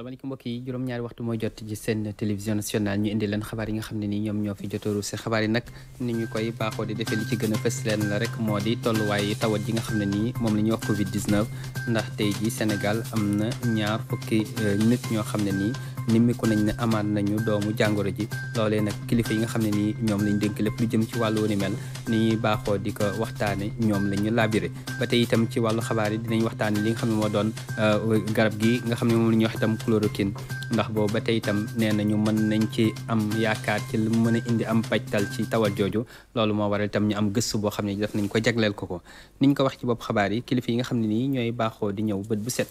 asalaamaaleykum mbokk yi juróom-ñaari waxtu mooy jot ci seen télévision nationale ñu indi leen xabaar yi nga xam ne nii ñoom ñoo fi jotooru si xabaar yi nag ni ñu koy baaxoo di defee li ci gën a fës leen la rek moo di tolluwaay tawat ji nga xam ne ni moom la ñuy wax Covid 19 ndax tey ji Sénégal am na ñaar fukki euh, nit ñoo xam ne nii. nimmiku nañ ne amaat nañu doomu jàngoro ji loolee nag kilifa yi nga xam ne nii ñoom lañ dénk lépp lu jëm ci wàllu ni ni ñuy baaxoo di waxtaane ñoom la ñu labiré ba tey itam ci wàllu xabaar yi dinañ waxtaane li nga xam ne moo doon euh, garab gi nga xam ne moom la ñuy wax itam chloroquine ndax boobu ba tey itam nee nañu mën nañ ci am yaakaar ci lu mën a indi am pajtal ci tawal jooju loolu moo waral itam ñu am gëstu boo xam ne def nañ ko jagleel ko ko niñ ko wax ci bopp xabaar yi kilifa yi nga xam ne nii ñooy baaxoo di ñëw bët bu set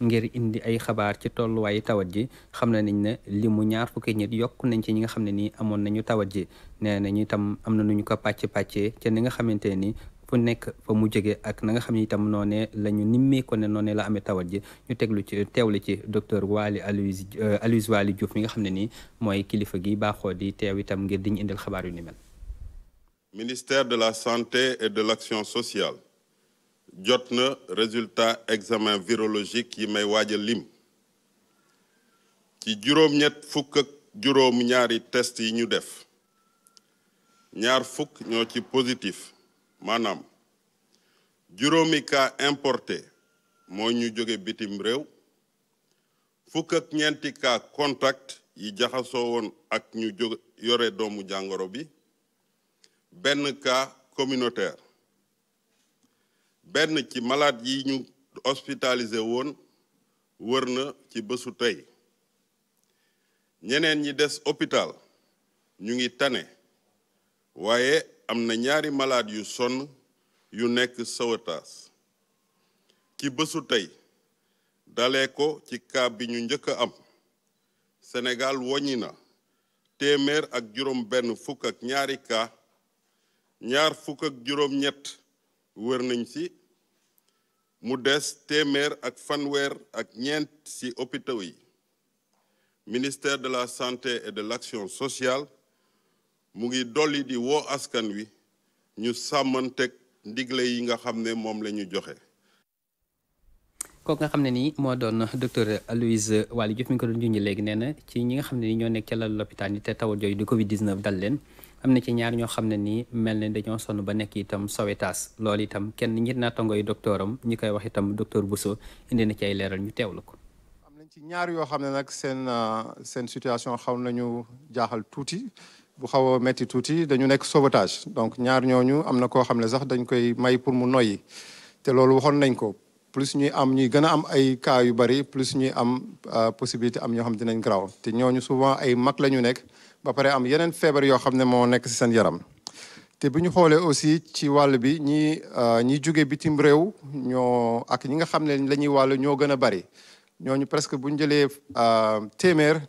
ngir indi ay xabaar ci tolluwaayu tawat ji xam na nañ ne li mu ñaar fukki nit yokk nañ ci ñi nga xam ne nii amoon nañu tawat ji nee nañu itam am na nu ñu ko pàcc pàccee ca ni nga xamante ni fu nekk fa mu jóge ak na nga xam ne itam noonee la ñu nimmee ko ne noonee la amee tawat ji ñu teglu ci teew teewlu ci docteur Waly Aloyse euh, Aloyse Waly Diouf mi nga xam ne nii mooy kilifa gi baaxoo di teew itam ngir di ñu indil xabaar yu ni mel. de la santé de l'action sociale. jot na résultat examen virologique yi may waaj a lim ci juróom-ñett fukk ak juróom ñaari test yi ñu def ñaar fukk ñoo ci positif maanaam juróomi cas importé moo ñu jóge bitim réew fukk ak ñeenti cas contact yi jaxasoo woon ak ñu jóg yore doomu jàngoro bi benn cas communautaire benn ci malaat yi ñu hospitalisé woon wër na ci bésu tey ñeneen ñi des hôpital ñu ngi tane waaye am na ñaari malaat yu sonn yu nekk sawataas ci bésu tey dalee ko ci cas bi ñu njëkk am senegal woññi na téeméer ak juróom benn fukk ak ñaari cas ñaar fukk ak juróom ñett wër nañ si mu des téeméer ak fanweer ak ñeent ci hôpitaux yi ministère de la santé et de l'action sociale mu ngi dolli di woo askan wi ñu sàmmanteeg ndigle yi nga xam ne moom la ñu joxe. kooku nga xam ne nii moo doon docteur Aloyse Waly Diouf mi ngi ko doon junj léegi nee na ci ñi nga xam ne nii ñoo nekk ca lal lopitaan yi te tawat jooyu di Covid 19 dal leen. am na ci ñaar ñoo xam ne nii mel ne dañoo sonn ba nekk itam sowetaas loolu itam kenn ñit naa tongoy docteuram ñi koy wax itam docteur Bousso indi na ci ay leeral ñu teewlu ko. am nañ ci ñaar yoo xam ne nag seen ah, seen situation xaw nañu jaaxal tuuti bu xaw a tuuti dañu nekk sauvetage donc ñaar ñooñu am na koo xam ne sax dañ koy may pour mu noyyi te loolu waxoon nañ ko plus ñuy am ñuy gën a am ay cas yu bari plus ñuy am ah, possibilité am ñoo xam dinañ garaaw te ñooñu souvent ay mag la ñu nekk. ba pare am yeneen feebar yoo xam ne moo nekk si seen yaram te bu ñu xoolee aussi ci wàll bi ñi euh, ñi jóge bitim réew ñoo ak ñi nga xam ne la ñuy wàll ñoo gën a bari ñu presque bu ñu jëlee euh, téeméer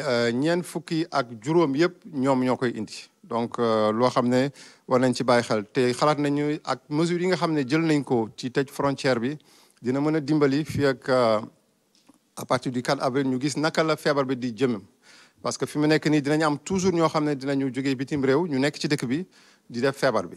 euh, ñeent fukki ak juróom yëpp ñoom ñoo koy indi donc loo xam ne war nañ ci bàyyi xel te xalaat nañu ak mesures yi nga xam ne jël nañ ko ci tëj frontière bi dina mën a dimbali fii ak à partir du 4 avril ñu gis naka la feebar bi di jëm. parce que fi mu nekk nii dinañ am toujours ñoo xam ne dinañu jógee bitim réew ñu nekk ci dëkk bi di def feebar bi.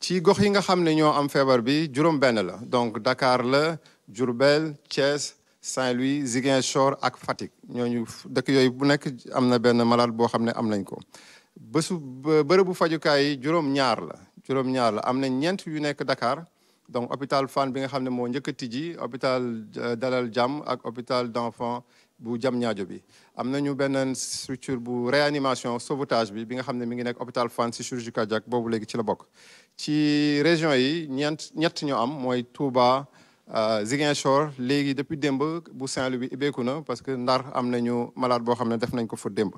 ci gox yi nga xam ne ñoo am feebar bi juróom-benn la donc dakaar la jurbel Thiès Saint-Louis Ziguinchor ak Fatick ñooñu dëkk yooyu bu nekk am na benn malade boo xam ne am nañ ko. bésu bërëbu fajukaay yi juróom-ñaar la juróom-ñaar la am na ñeent yu nekk Dakar donc hôpital Fann bi nga xam ne moo njëkk a tijji hôpital euh, Dalal Jàmm ak hôpital d'enfants bu jam ñaajo bi am nañu benn structure bu réanimation sauvetage bi bi nga xam ne mi ngi nekk hôpital Fann si chirurgie cardiaque boobu léegi ci la bokk ci région yi ñeent ñett ñu am mooy Touba euh, Ziguinchor léegi depuis demb bu Saint-Louis bi ibbeeku na parce que Ndar am nañu malade boo xam ne def nañ ko fa démb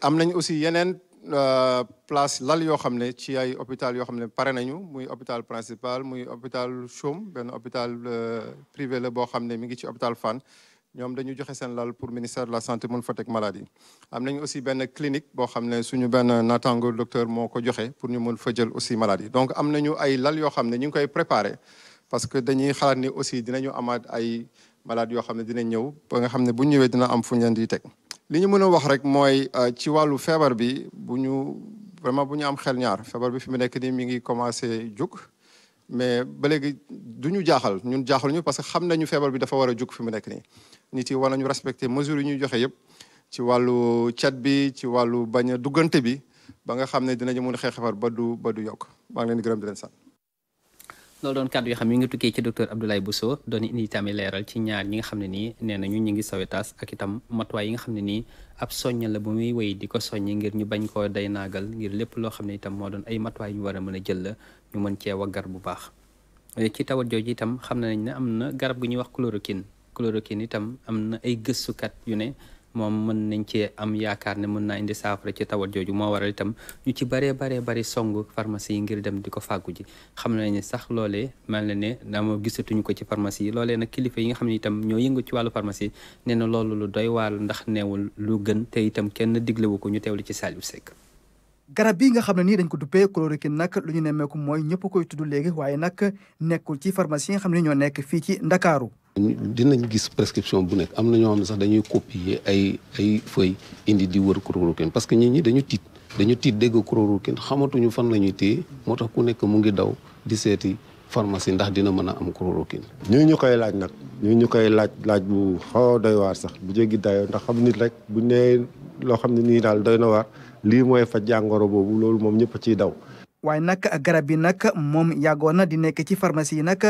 am nañ aussi yeneen euh, place lal yoo xam ne ci ay hôpital yoo xam ne pare nañu muy hôpital principal muy hôpital Chaume benn hôpital euh, privé la boo xam ne mi ngi ci hôpital Fann ñoom dañu joxe seen lal pour ministère de la santé mun fa teg maladie am nañu aussi benn clinique bo xam ne suñu benn naataango docteur moo ko joxe pour ñu mun fa jël aussi maladie donc am nañu ay lal yo xam ne ñu ngi koy préparé parce que dañuy xalaat ni aussi dinañu amaat ay malade yoo xam ne dinañ ñëw ba nga xam ne bu ñëwee dina am fu ñu leen di teg li ñu mën a wax rek mooy euh, ci wàllu feebar bi bu ñu vraiment bu ñu am xel ñaar feebar bi fi mu nekk nii mi ngi commencé jóg mais ba léegi duñu jaaxal ñun jaaxal ñu parce que xam nañu feebar bi dafa war a jug fi mu nekk nii nit yi war nañu respecter mesures yi ñuy joxe yëpp ci wàllu cat bi ci wàllu bañ a duggante bi ba nga xam ne dinañu mun a xeex xefar ba du ba du yokk maa ngi leen di gërëm di leen sant loolu doon kàddu day naagal ngir lépp loo xam ne itam moo doon ay matuwaay ñu mën cee waggar bu baax eh, ci tawat jooju itam xam na nañ ne am na garab gu ñuy wax chloroquine chloroquine itam am na ay gëstukat yu ne moom mën nañ cee am yaakaar ne mën naa indi saafara ci tawat jooju moo waral itam ñu ci baree baree bari song pharmacie yi ngir dem di ko fàggu ji xam nañ ne sax loolee mel na ne dama gisatuñu ko ci pharmacie yi loolee nag kilifa yi nga xam ne itam ñoo yëngu ci wàllu pharmacie nee na loolu lu doy waar ndax neewul lu gën te itam kenn diglewu ko ñu teewlu ci Saliou Seck garab bi nga xam ne nii dañ ko duppee chloroquine nag lu ñu nemmeeku mooy ñëpp koy tudd léegi waaye nag nekkul ci pharmacie yi nga xam ne ñoo nekk fii ci ndakaaru dinañ gis prescription bu nekk am na ñoo xam ne sax dañuy copier ay ay feuille indi di wër chloroquine parce que nit ñi dañu tiit dañu tiit dégg chloroquine xamatuñu fan la ñuy téye moo tax ku nekk mu ngi daw di seeti pharmacie ndax dina mën a am chloroquine ñoo ñu koy laaj nag ñoo ñu koy laaj laaj bu xaw doy waar sax bu jéggi dayoo ndax xam nit rek bu nee loo xam ne nii daal doy na waar lii mooy faj jàngoro boobu loolu moom ñëpp ciy daw. waaye nag garab yi nag moom yàggoon na di nekk ci pharmacie yi nag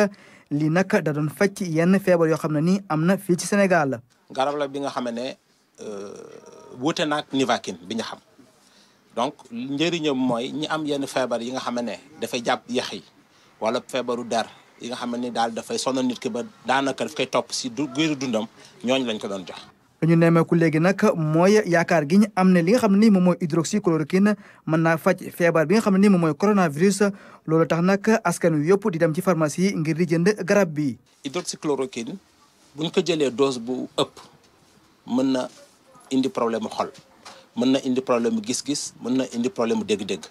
lii nag da doon faj yenn feebar yoo xam ne nii am na fii ci Sénégal. garab la bi nga xam ne euh, wuute na ak bi ñu xam donc njëriñam mooy ñi am yenn feebar yi nga xam ne dafay jàpp yax yi wala feebaru der yi nga xam ne daal dafay sonal nit ki ba daanaka daf koy topp si du giiru dundam ñooñu lañ ko doon jox. ñu nemmeeku léegi nag mooy yaakaar gi ñu am ne li nga xam ne ni moom mooy hydroxychloroquine mën naa faj feebar bi nga xam ne ni moom mooy coronavirus loolu tax nag askan wi yëpp di dem ci pharmacie ngir di jënd garab bi. hydroxychloroquine bu ñu ko jëlee dose bu ëpp mën na indi problème mu xol mën na indi problème mu gis-gis mën na indi problème mu dégg-dégg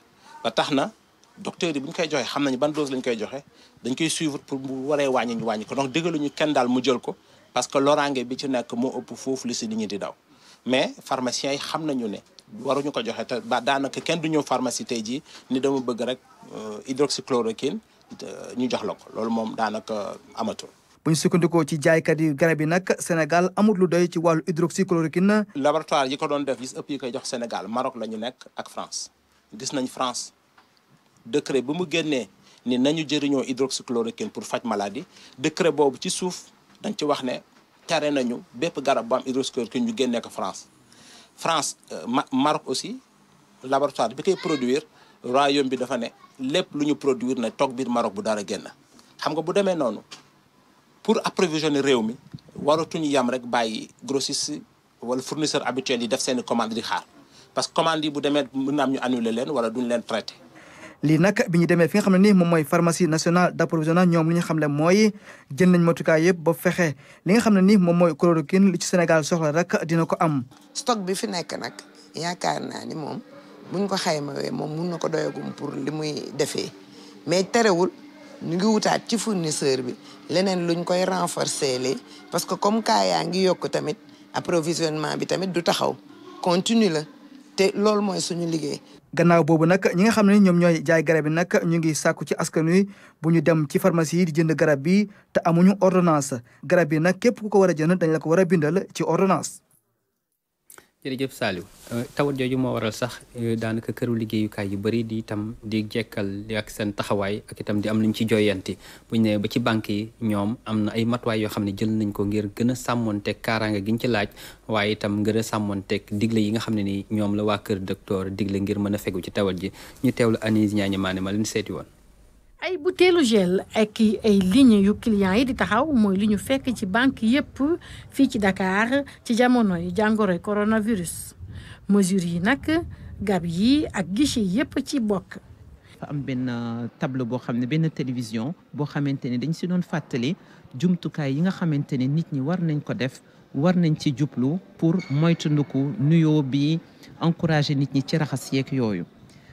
ba tax na docteur yi bu ñu koy joxe xam nañu ban dose lañ koy joxe dañ koy suivre pour bu waree wàññi ñu wàññi ko donc déggaluñu kenn daal mu jël ko. parce que loraange bi ci nekk moo ëpp foofu li si di daw mais pharmacien yi xam nañu ne waruñu ko joxe te ba daanaka kenn du pharmacie tey jii ni dama bëgg rek euh, hydroxychloroquine euh, ñu jox la ko loolu moom daanaka amatul. bu ñu sukkandikoo ci Sénégal amul lu doy ci wàllu hydroxychloroquine. laboratoire yi ko doon def puis ëpp yi jox Sénégal Maroc la ñu ak France gis nañ France décret bi mu génnee ni nañu jëriñoo hydroxychloroquine pour faj maladie décret boobu ci suuf. dañ ci wax ne tere nañu bépp garab bu am hydroxychloroquine ñu génnee ko France France euh, Maroc aussi laboratoire bi koy produire royaume bi dafa ne lépp lu ñu produire na toog biir Maroc bu dara génn xam nga bu demee noonu pour approvisionner réew mi ñu yam rek bàyyi grossiste wala fournisseur habituel yi def seeni commande di xaar parce que commande yi bu demee mën naa am ñu annuler leen wala duñ leen traité lii nag bi ñu demee fi nga xam ne ni moom mooy pharmacie nationale d'approvisionnement ñoom li ñu xam ne mooy jël nañ matukaay yëpp ba fexe li nga xam ne nii moom mooy chloroquine li ci Sénégal soxla rek dina ko am. stock bi fi nekk nag yaakaar naa ni moom buñ ko xaymawee moom mun na ko doyagum pour li muy defee mais terewul ñu ngi wutaat ci fournisseur bi leneen luñ koy renforcer lee parce que comme cas yaa ngi yokk tamit approvisionnement bi tamit du taxaw continue la te loolu mooy suñu liggéey. gannaaw boobu nag ñi nga xam ne ñoom ñooy jaay garab yi nag ñu ngi sàkku ci askan wi bu ñu dem ci pharmacie yi di jënd garab bi te amuñu ordonnance garab yi nag képp ku ko war a jënd dañ la ko war a bindal ci ordonnance jërëjëf Saliou euh, tawat jooju moo waral sax euh, daanaka këru liggéeyukaay yu bari di itam di jekkal ak seen taxawaay ak itam di am luñ ci jooyanti buñ ne ba ci banque yi ñoom am na ay matuwaay yoo xam ne jël nañ ko ngir gën a sàmmonteeg kaaraanga giñ ci laaj waaye itam gën a sàmmonteeg digle yi nga xam ne ni ñoom la waa kër docteur digle ngir mën a fegu ci tawat ji ñu teewlu Anis Ñaañu Maane ma leen seeti woon ay butéelu gel ak ay ligne yu clients yi di taxaw mooy li ñu fekk ci banque yépp fii ci dakaar ci jamono yi jàngoroy coronavirus mesures yi nag gab yi ak guichet yépp ci bokk. am benn euh, tableau boo xam ne benn télévision boo xamante ne dañ si doon fàttali jumtukaay yi nga xamante ne nit ñi war nañ ko def war nañ ci jublu pour moytandiku nuyo bi encourager nit ñi ci raxas yeeg yooyu.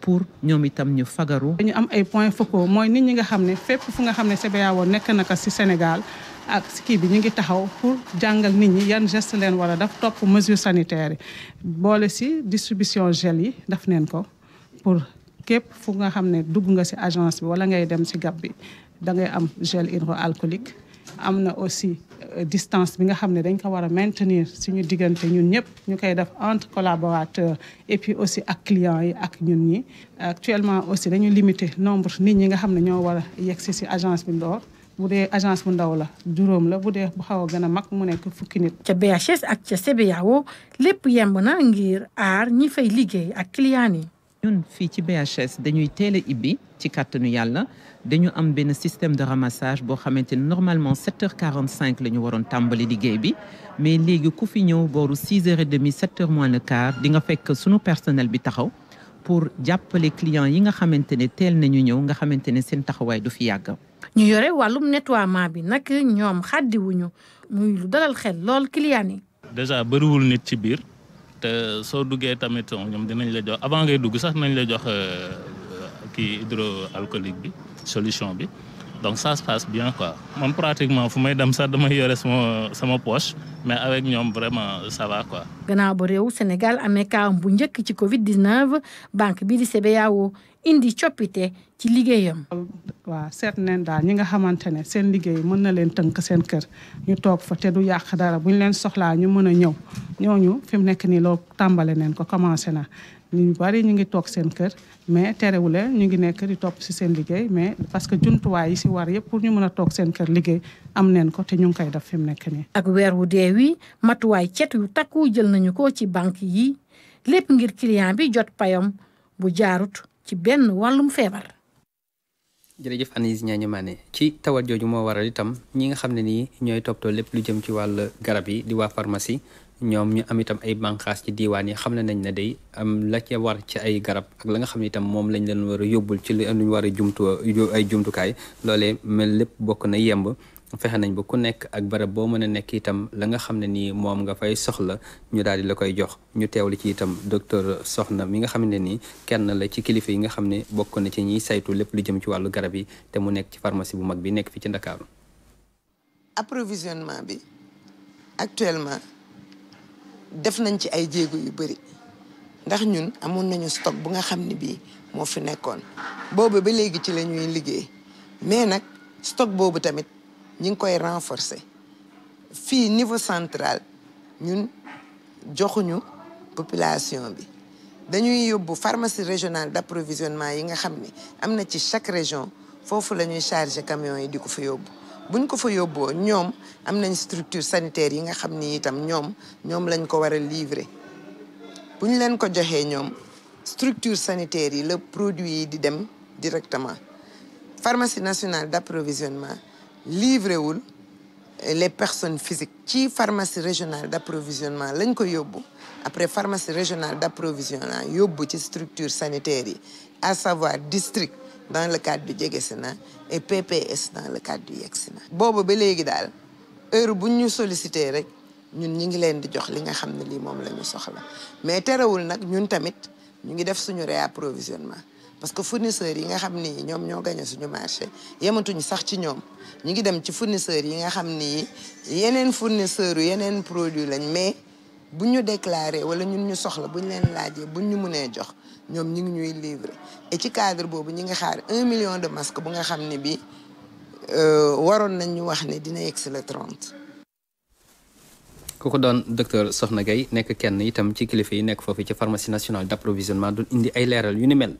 pour ñoom itam ñu fagaroo dañu am ay point focaux mooy nit ñi nga xam ne fépp fu nga xam ne CBAO nekk na ko si Sénégal ak si kii bi ñu ngi taxaw pour jàngal nit ñi yan geste leen war a def topp mesures sanitaires yi boole si distribution gel yi daf neen ko pour képp fu nga xam ne dugg nga si agence bi wala ngay dem si gab bi da ngay am gel hydroalcoolique amna aussi euh, distance bi nga xam ne dañ ko war a maintenir suñu diggante ñun ñëpp ñu koy def entre collaborateurs et puis aussi ak client yi ak ñun ñi actuellement aussi dañu limiter nombre nit ñi nga xam ne ñoo war a yegg si agence bi ndoor bu dee agence bu ndaw la juróom la bu dee bu xaw a gën a mag mu nekk fukki nit. ca BHS ak ca CBAO lépp yemb na ngir aar ñi fay liggéey ak client yi ñun fi ci BHS dañuy télé ibi ibbi ci kàttanu yalla dañu am ben système de ramassage bo xamante normalement 7h45 lañu waron tambali di liggéey bi mais légui ku fi ñew boru 6h30 7h moins le quart di nga fekk suñu personnel bi taxaw pour jàppale client yi nga xamante tel nañu ñew nga xamante seen taxaway du fi yàgg. ñu yore walum nettoiement bi ñom ñoom wuñu muy lu dalal xel lol client yi. déjà bëriwul nit ci biir te soo duggee tamit ñoom dinañ la jox avant ngay dugg sax nañ la jox euh, kii hydroalcoolique bi solution bi donc ça se passe bien quoi man pratiquement fu may dem sax damay yore sama sama poche mais avec ñoom vraiment ça va quoi. gannaaw ba réew Sénégal amee kaam bu njëkk ci Covid 19 banque bi di CBAO indi coppite ci liggéeyam. waaw seet neen daal ñi nga xamante ne seen liggéey mën na leen tënk seen kër ñu toog fa te du yàq dara bu ñu leen soxlaa ñu mën a ñëw ñooñu fi mu nekk nii loolu tàmbale neen ko commencé na. ñu bari ñu ngi toog seen kër mais terewule ñu ngi nekk di topp si seen liggéey mais parce que jumtuwaay yi si war yëpp pour ñu mën a toog seen kër liggéey am neen ko te ñu ngi koy def nekk nii. ak weer wu dee wi matuwaay cet yu takku jël nañu ko ci banque yi lépp ngir client bi jot payam bu jaarut. ci benn wàllum feebar. jërëjëf Anis Niagne Mané ci tawat jooju moo waral itam ñi nga xam ne nii ñooy toppatoo lépp lu jëm ci wàll garab yi di waa pharmacie ñoom ñu amitam ay bànqaas ci diiwaan yi xam ne nañ ne day am la ca war ci ay garab ak la nga xam ne itam moom lañ leen war a yóbbul ci lu ñu war a jumtu ay jumtukaay loole mel lépp bokk na yemb. fexe nañ ba ku nekk ak barab boo mën a nekk itam la nga xam ne nii moom nga fay soxla ñu daal di la koy jox ñu teewlu ci itam docteur Soxna mi nga xam ne nii kenn la ci kilifa yi nga xam ne bokk na ci ñiy saytu lépp lu jëm ci wàllu garab yi te mu nekk ci pharmacie bu mag bi nekk fi bi actuellement def nañ ci ay jéego yu bëri ndax ñun amoon nañu stock bu nga xam ne bii moo fi nekkoon boobu ba léegi ci la ñuy liggéey mais nag stock boobu tamit. ñi ngi koy renforcer fii niveau central ñun joxuñu population bi dañuy yóbbu pharmacie régionale d'approvisionnement yi nga xam ni am na ci chaque région foofu la ñuy charger camions yi di ko fa yóbbu buñ ko fa yóbboo ñoom am nañ structure sanitaire yi nga xam ni itam ñoom ñoom lañ ko war a livrer buñ leen ko joxee ñoom structure sanitaire yi la produit yi di dem directement pharmacie nationale d'approvisionnement ou les personnes physiques ci pharmacie régionale d'approvisionnement lañ ko après pharmacie régionale d'approvisionnement yóbbu ci structure sanitaire à savoir district dans le cadre du Dieguesena et PPS dans le cadre du Yegsena Bobo ba léegi daal heure bu ñu sollicité rek ñun ñi ngi leen di jox li nga ne mom pas soxla mais terewul nak ñun tamit ñu ngi def suñu réapprovisionnement parce que fournisseur yi nga xamni ñom ñoo gañe suñu marché yematuñu sax ci ñom ñi ngi dem ci fournisseur yi nga xamni yenen fournisseur fournisseurs yeneen produit lañ mais buñu déclarer wala ñun ñu soxla buñ leen laajee buñ ñu mënee jox ñom ñi ngi ñuy livrer et ci cadre bobu ñi nga xaar 1 million de masques bu nga xamni ne bi euh, waroon nañ ñu wax ni dina yegsi le 30. ku ko docteur Sokhna gay nek kenn itam ci kilifa yi nek fofu ci pharmacie nationale d'approvisionnement approvisionnement indi ay leeral yu ni mel.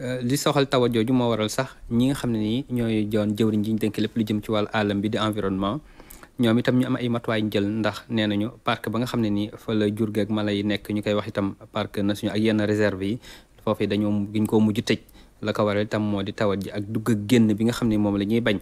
li eh, soxal tawa joju mo waral sax ñi nga xamne ni ñoy joon jëwriñ jiñ denk lepp lu jëm ci wal alam bi di environnement ñom itam ñu am ay matuway jël ndax nenañu park ba nga xamne ni fa la jurgé ak mala yi nek ñukay wax itam park nation ak yenn réserve yi fofé dañu giñ ko mujj tejj la ko waral tam moo di tawat ji ak dugg ak génn bi nga xam ne moom la ñuy bañ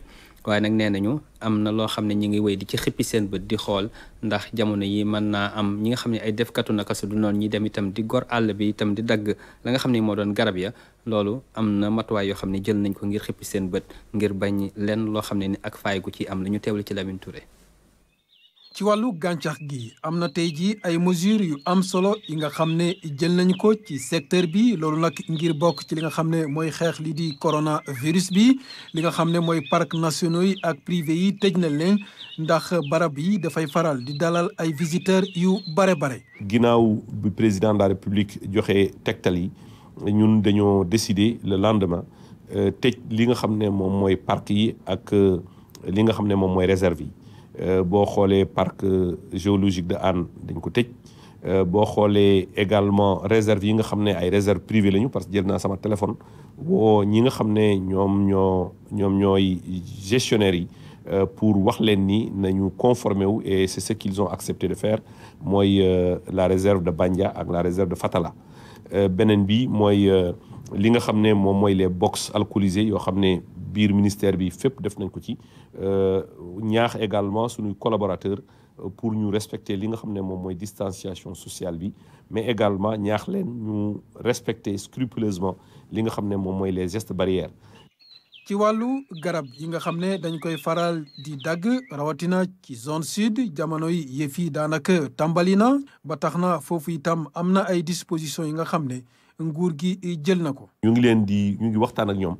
waaye nag nee nañu am na loo xam ne ñi ngi wéy di ci xippi seen bët di xool ndax jamono yi mën naa am ñi nga xam ne ay defkatu naka su du noonu ñi dem itam di gor àll bi itam di dagg la nga xam ne moo doon garab ya loolu am na matuwaay yoo xam ne jël nañ ko ngir xippi seen bët ngir bañ lenn loo xam ne ni ak faay gu ci am la ñu teewlu ci Lamine ci walu gàncax gi am na tey ay mesures yu am solo yi nga xam ne jël nañ ko ci secteur bi loolu nag ngir bokk ci li nga xam ne mooy xeex li di coronavirus bi li nga xam ne mooy nationaux yi ak privé yi tej na leen ndax barab yi dafay faral di dalal ay visiteurs yu bare bare. ginnaaw bi président de la république joxe tegtal yi ñun dañoo décider le lendemain euh, tej li nga xam ne moom mooy parc yi ak euh, li nga xam ne moom mooy réserve yi. Euh, boo xoolee parc euh, géologique de Anne dañ ko tëj euh, boo xoolee également réserve yi nga xam ne ay réserve privé lañu parce que jël naa sama téléphone woo ñi nga xam ne ñoom ñoo ñoom ñooy yi pour wax leen ni nañu conformer wu et c'est ce qu'ils ont accepté de faire mooy la réserve de Bandia ak la réserve de Fatala beneen bi mooy li nga xam ne moom mooy les box alcoolisés yoo xam ne biir ministère bi fépp def nañ ko ci euh, ñaax également suñuy collaborateurs euh, pour ñu respecter li nga xam ne moom mooy distanciation sociale bi mais également ñaax leen ñu respecter scrupuleusement li nga xam ne moom mooy les gestes barrières ci wàllu garab yi nga xam ne dañ koy faral di dagg rawatina ci zone sud jamono yi yëf yi daanaka tàmbali na ba tax na foofu itam am na ay dispositions yi nga xam ne nguur gi eh, jël na ko. ñu ngi leen di ñu ngi waxtaan ak ñoom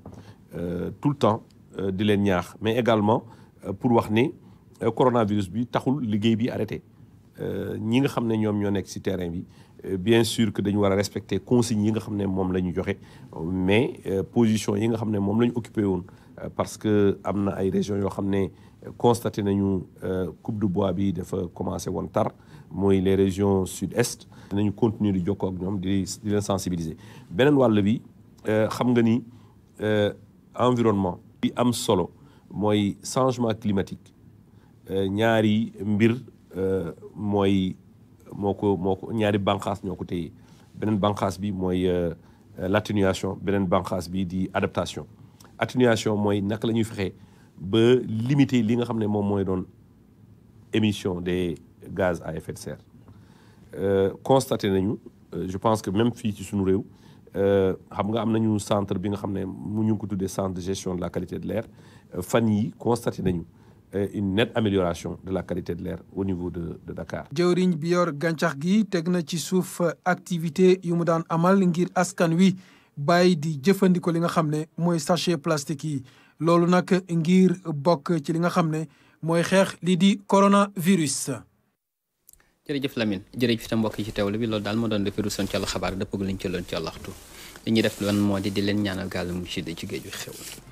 euh, tout le temps euh, di leen ñaax mais également euh, pour wax ni coronavirus bi taxul liggéey bi arrêté ñi nga xam ne ñoom ñoo nekk ci terrain bi bien sûr que dañu war a respecter consignes yi nga xam ne moom la ñu joxe mais position yi nga xam ne moom la ñu occupé woon parce que am na ay régions yoo xam ne constaté nañu coupe de bois bi dafa commencé woon tar moy les régions sud-est dinañu continuer di jokkoo ak ñom di di leen sensibiliser benen wàll bi euh, xam nga ni euh, environnement bi am solo moy changement climatique euh, ñaari mbir euh moy moko moko ñaari bànqaas ñoko ko benen beneen bi moy l'atténuation benen bànqaas bi di adaptation atténuation moy nak la fexé ba limiter li nga xamné mom moy don émission des gaz à effet de serre euh, constaté nañu euh, je pense que même fii ci suñu réew euh, xam nga am nañu centre bi nga xam ne mu ñu ngi ko tuddee centre de gestion de la qualité de l'air fan yi constaté nañu une nette amélioration de la qualité de l'air au niveau de de Dakar. jëwriñ bi yor gàncax gi teg na ci suuf activité yu mu daan amal ngir askan wi bàyyi di jëfandikoo li nga xam ne mooy sachet plastique yi loolu nag ngir bokk ci li nga xam ne mooy xeex lii di coronavirus. jërëjëf Lamine jërëjëf itam mbokk yi ci teewlu bi loolu daal moo doon defiru son ci àll xabaar dëppag liñ ci loon ci li ñuy def lan moo di leen ñaanal gaal mu ci géej gi xew